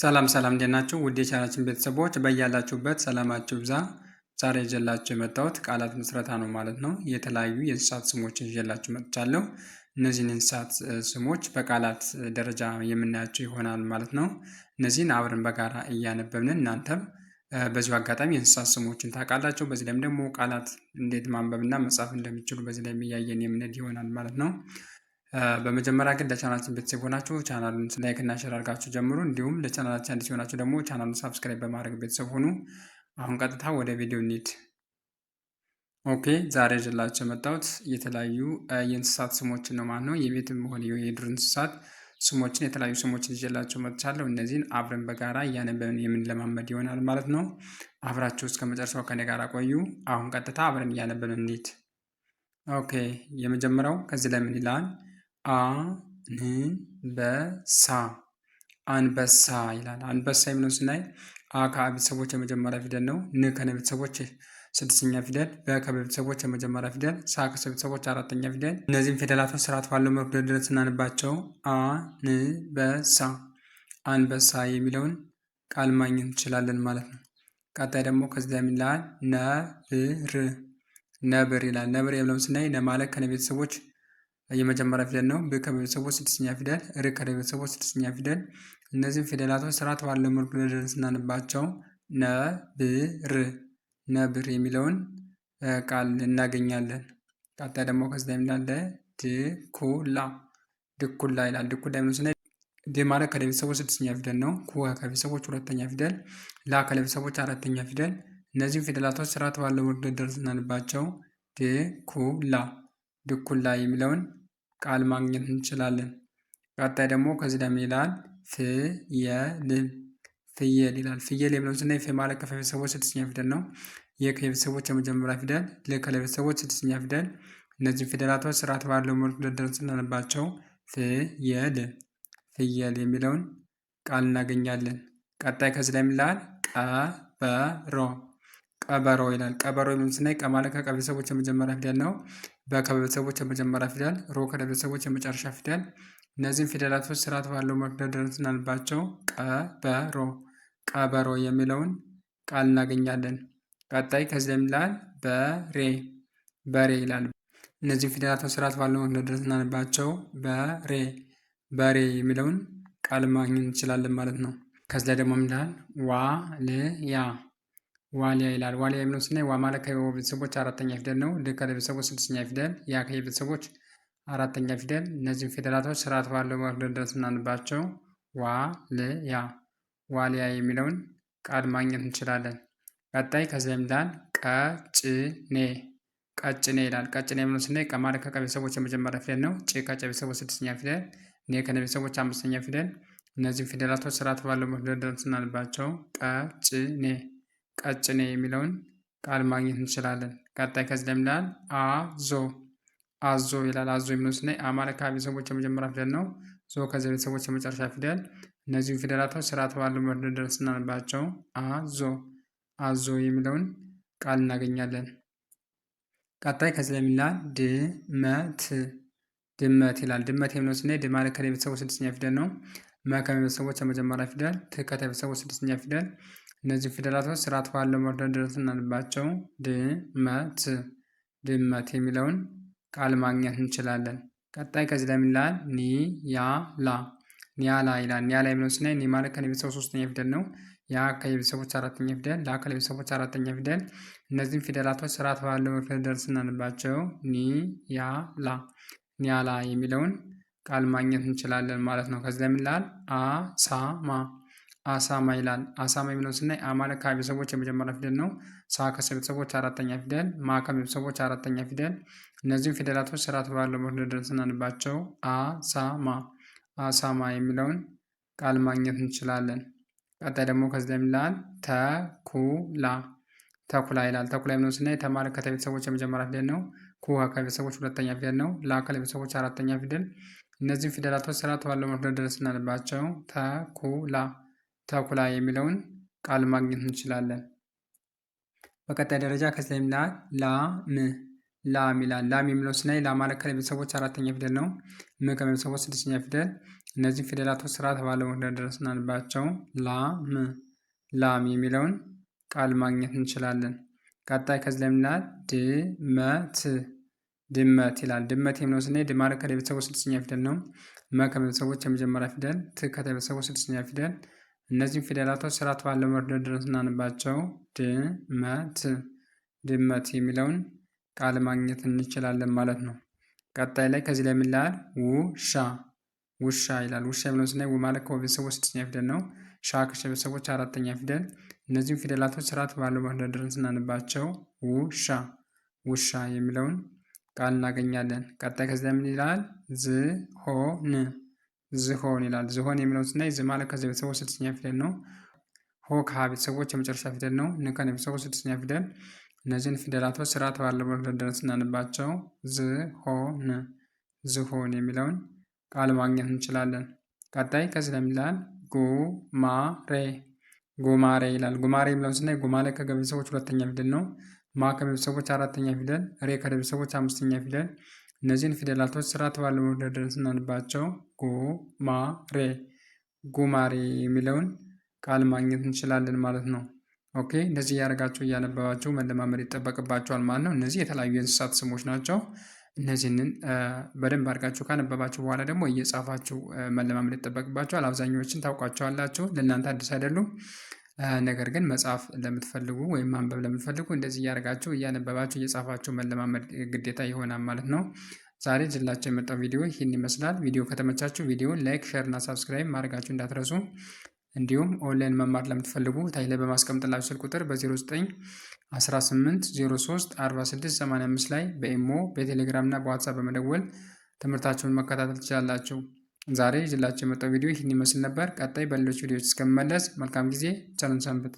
ሰላም ሰላም እንዴት ናችሁ? ውድ የቻናችን ቤተሰቦች በያላችሁበት ሰላማችሁ ብዛ። ዛሬ ይዤላችሁ የመጣሁት ቃላት ምስረታ ነው ማለት ነው። የተለያዩ የእንስሳት ስሞችን ይዤላችሁ መጥቻለሁ። እነዚህን እንስሳት ስሞች በቃላት ደረጃ የምናያቸው ይሆናል ማለት ነው። እነዚህን አብረን በጋራ እያነበብን እናንተም በዚሁ አጋጣሚ የእንስሳት ስሞችን ታውቃላችሁ። በዚህ ላይም ደግሞ ቃላት እንዴት ማንበብና መጻፍ እንደሚችሉ በዚህ ላይ እያየን የምንሄድ ይሆናል ማለት ነው። በመጀመሪያ ግን ለቻናላችን ቤተሰብ ሆናችሁ ቻናሉን ላይክ እና ሼር አድርጋችሁ ጀምሩ። እንዲሁም ለቻናላችን አዲስ የሆናችሁ ደግሞ ቻናሉን ሳብስክራይብ በማድረግ ቤተሰብ ሆኑ። አሁን ቀጥታ ወደ ቪዲዮ እንሂድ። ኦኬ ዛሬ ይዤላችሁ የመጣሁት የተለያዩ የእንስሳት ስሞችን ነው ማለት ነው። የቤት ሆነ የዱር እንስሳት ስሞችን የተለያዩ ስሞችን ይዤላችሁ መጥቻለሁ። እነዚህን አብረን በጋራ እያነበብን የምንለማመድ ይሆናል ማለት ነው። አብራችሁ እስከ መጨረሻው ከኔ ጋር ቆዩ። አሁን ቀጥታ አብረን እያነበብን እንሂድ። ኦኬ የመጀመሪያው ከዚህ ላይ ምን ይላል? አንበሳ አንበሳ ይላል። አንበሳ የሚለውን ስናይ አ ከቤተሰቦች የመጀመሪያ ፊደል ነው። ን ከነቤተሰቦች ስድስተኛ ፊደል፣ በ ከቤተሰቦች የመጀመሪያ ፊደል፣ ሳ ከቤተሰቦች አራተኛ ፊደል። እነዚህም ፊደላቶች ስርዓት ባለው መልኩ ደርድረን ስናንባቸው አንበሳ አንበሳ የሚለውን ቃል ማግኘት እንችላለን ማለት ነው። ቀጣይ ደግሞ ከዚህ ላይ የሚላል ነብር ነብር ይላል። ነብር የሚለውን ስናይ ለማለት ማለት ከነቤተሰቦች የመጀመሪያ ፊደል ነው። ብ ከቤተሰቦች ስድስተኛ ፊደል፣ ር ከቤተሰቦች ስድስተኛ ፊደል። እነዚህም ፊደላቶች ስርዓት ባለው መልኩ ደርድረን ስናነባቸው ነብር ነብር የሚለውን ቃል እናገኛለን። ቀጣይ ደግሞ ከዚህ ላይ ምላለ ድኩላ ድኩላ ይላል። ድኩላ የሚመስለ ድ ማለት ከቤተሰቦች ስድስተኛ ፊደል ነው። ኩ ከቤተሰቦች ሁለተኛ ፊደል፣ ላ ከቤተሰቦች አራተኛ ፊደል። እነዚህም ፊደላቶች ስርዓት ባለው መልኩ ደርድረን ስናነባቸው ድኩላ ድኩላ የሚለውን ቃል ማግኘት እንችላለን። ቀጣይ ደግሞ ከዚህ ደግሞ ይላል ፍየል ፍየል ይላል። ፍየል የምለው ስናይ ፌ ማለት ከፈ ቤተሰቦች ስድስተኛ ፊደል ነው። ከቤተሰቦች የመጀመሪያ ፊደል፣ ል ለከለቤተሰቦች ስድስተኛ ፊደል። እነዚህ ፊደላቶች ስርዓት ባለው መልኩ ደርድረን ስናነባቸው ፍየል ፍየል የሚለውን ቃል እናገኛለን። ቀጣይ ከዚህ ላይ የሚላል ቀበሮ ቀበሮ ይላል። ቀበሮ የምለው ስናይ ቀ ማለት ከቀ ቤተሰቦች የመጀመሪያ ፊደል ነው። በ ከቤተሰቦች የመጀመሪያ ፊደል፣ ሮ ከቤተሰቦች የመጨረሻ ፊደል። እነዚህም ፊደላቶች ስርዓት ባለው መደርደር ስናልባቸው ቀ በሮ ቀበሮ የሚለውን ቃል እናገኛለን። ቀጣይ ከዚህ የሚላል በሬ በሬ ይላል። እነዚህም ፊደላቶች ስርዓት ባለው መደርደር ስናልባቸው በሬ በሬ የሚለውን ቃል ማግኘት እንችላለን ማለት ነው። ከዚህ ላይ ደግሞ የሚላል ዋልያ ዋሊያ ይላል። ዋሊያ የሚለውን ስናይ ዋ ማለት ከወ ቤተሰቦች አራተኛ ፊደል ነው። ል ከለቤተሰቦች ስድስተኛ ፊደል፣ ያ ቤተሰቦች አራተኛ ፊደል። እነዚህም ፊደላቶች ስርዓት ባለው ፊደል ድረስ እናንባቸው። ዋ ል ያ ዋልያ የሚለውን ቃል ማግኘት እንችላለን። ቀጣይ ከዚያ የሚላል ቀጭኔ ቀጭኔ ይላል። ቀጭኔ የሚለውን ስናይ ቀ ከቀ ቤተሰቦች የመጀመሪያ ፊደል ነው። ጭ ከጨ ቤተሰቦች ስድስተኛ ፊደል፣ ኔ ከነ ቤተሰቦች አምስተኛ ፊደል። እነዚህም ፊደላቶች ስርዓት ባለው ፊደል ድረስ እናንባቸው። ቀጭኔ ቀጭኔ የሚለውን ቃል ማግኘት እንችላለን። ቀጣይ ከዚህ ላይ አዞ አዞ ይላል። አዞ የሚለው ስናይ አማራ ከቤተሰቦች የመጀመሪያ ፊደል ነው። ዞ ከዚህ ቤተሰቦች የመጨረሻ ፊደል። እነዚህም ፊደላቶች ስርዓት ባለው መደርደር ስናነባቸው አዞ አዞ የሚለውን ቃል እናገኛለን። ቀጣይ ከዚህ ላይ ድመት ድመት ይላል። ድመት የሚለው ስናይ ድ ከቤተሰቦች ስድስተኛ ፊደል ነው። መ ከቤተሰቦች የመጀመሪያ ፊደል። ት ከቤተሰቦች ስድስተኛ ፊደል እነዚህ ፊደላቶች ስርዓት ባለው መርዶ ድረስ እናንባቸው። ድመት ድመት የሚለውን ቃል ማግኘት እንችላለን። ቀጣይ ከዚህ ላይ ምንላል? ኒያላ ኒያላ ይላል። ኒያላ የሚለውን ስናይ ኒ ማለት ከነቤተሰቡ ሶስተኛ ፊደል ነው። ያ ከቤተሰቦች አራተኛ ፊደል፣ ላ ከቤተሰቦች አራተኛ ፊደል። እነዚህም ፊደላቶች ስርዓት ባለው መርዶ ድረስ እናንባቸው። ኒያላ ኒያላ የሚለውን ቃል ማግኘት እንችላለን ማለት ነው። ከዚህ ላይ ምንላል? አሳማ አሳማ ይላል። አሳማ የሚለው ስናይ አ ማለት ከቤተሰቦች የመጀመሪያ ፊደል ነው። ሳ ቤተሰቦች አራተኛ ፊደል፣ ማ ቤተሰቦች አራተኛ ፊደል። እነዚህም ፊደላቶች ስርዓት ባለው መሆን ድረስ አሳማ አሳማ የሚለውን ቃል ማግኘት እንችላለን። ቀጣይ ደግሞ ከዚህ ላይ ይላል ተኩላ ተኩላ ይላል። ተኩላ የሚለውን ስናይ ተ ማለት ከቤተሰቦች የመጀመሪያ ፊደል ነው። ኩ ቤተሰቦች ሁለተኛ ፊደል ነው። ላ ቤተሰቦች አራተኛ ፊደል። እነዚህም ፊደላቶች ስርዓት ባለው መሆን ድረስ ተኩላ ተኩላ የሚለውን ቃል ማግኘት እንችላለን። በቀጣይ ደረጃ ከዚህ ላይ ይላል ላም ላም ይላል። ላም የሚለው ስናይ ላ ማለት ቤተሰቦች አራተኛ ፊደል ነው። ም ከቤተሰቦች ስድስተኛ ፊደል። እነዚህ ፊደላቶች ስራ ተባለው ወደ ደረስናልባቸው ላም ላም የሚለውን ቃል ማግኘት እንችላለን። ቀጣይ ከዚህ ላይ ይላል ድመት ድመት ይላል። ድመት የሚለው ስናይ ድ ማለት ቤተሰቦች ስድስተኛ ፊደል ነው። መ ከቤተሰቦች የመጀመሪያ ፊደል። ት ከቤተሰቦች ስድስተኛ ፊደል እነዚህም ፊደላቶች ስርዓት ባለው መርዶ ድረስ እናንባቸው። ድመት ድመት የሚለውን ቃል ማግኘት እንችላለን ማለት ነው። ቀጣይ ላይ ከዚህ ላይ የምንላል ውሻ ውሻ ይላል። ውሻ የሚለውን ስናይ ማለት ከቤተሰቦች ስድስተኛ ፊደል ነው። ሻ ከቤተሰቦች አራተኛ ፊደል። እነዚህም ፊደላቶች ስርዓት ባለው መርዶ ድረስ እናንባቸው። ውሻ ውሻ የሚለውን ቃል እናገኛለን። ቀጣይ ከዚህ ላይ ምን ይላል? ዝሆን ዝሆን ይላል። ዝሆን የሚለውን ስናይ ዝ ማለት ከዚህ ቤተሰቡ ስድስተኛ ፊደል ነው። ሆ ከሀ ቤተሰቦች የመጨረሻ ፊደል ነው። ን ከነ ስድስተኛ ፊደል። እነዚህን ፊደላቶች ስርዓት ባለው መደርደር ስናነባቸው ዝሆን ዝሆን የሚለውን ቃል ማግኘት እንችላለን። ቀጣይ ከዚህ ለሚላል ጉማሬ ጉማሬ ይላል። ጉማሬ የሚለውን ስናይ ጉማ ላይ ከገ ቤተሰቦች ሁለተኛ ፊደል ነው። ማ ከቤተሰቦች አራተኛ ፊደል። ሬ ከደ ቤተሰቦች አምስተኛ ፊደል እነዚህን ፊደላቶች ስርዓት ባለ መደርደር ስናነባቸው ጉማሬ ጉማሬ የሚለውን ቃል ማግኘት እንችላለን ማለት ነው። ኦኬ እንደዚህ እያደረጋችሁ እያነበባችሁ መለማመድ ይጠበቅባቸዋል ማለት ነው። እነዚህ የተለያዩ የእንስሳት ስሞች ናቸው። እነዚህንን በደንብ አድርጋችሁ ካነበባችሁ በኋላ ደግሞ እየጻፋችሁ መለማመድ ይጠበቅባችኋል። አብዛኛዎችን ታውቋቸዋላችሁ፣ ለእናንተ አዲስ አይደሉም። ነገር ግን መጽሐፍ ለምትፈልጉ ወይም ማንበብ ለምትፈልጉ እንደዚህ እያደረጋችሁ እያነበባችሁ እየጻፋችሁ መለማመድ ግዴታ ይሆናል ማለት ነው። ዛሬ ጅላቸው የመጣው ቪዲዮ ይህን ይመስላል። ቪዲዮ ከተመቻችሁ ቪዲዮ ላይክ፣ ሼር እና ሳብስክራይብ ማድረጋችሁ እንዳትረሱ። እንዲሁም ኦንላይን መማር ለምትፈልጉ ታይ ላይ በማስቀምጥላችሁ ስልክ ቁጥር በ0918034685 ላይ በኢሞ በቴሌግራም እና በዋትሳፕ በመደወል ትምህርታችሁን መከታተል ትችላላችሁ። ዛሬ ይዤላችሁ የመጣው ቪዲዮ ይህን ይመስል ነበር። ቀጣይ በሌሎች ቪዲዮዎች እስከምመለስ መልካም ጊዜ፣ ቸር ሰንብቱ።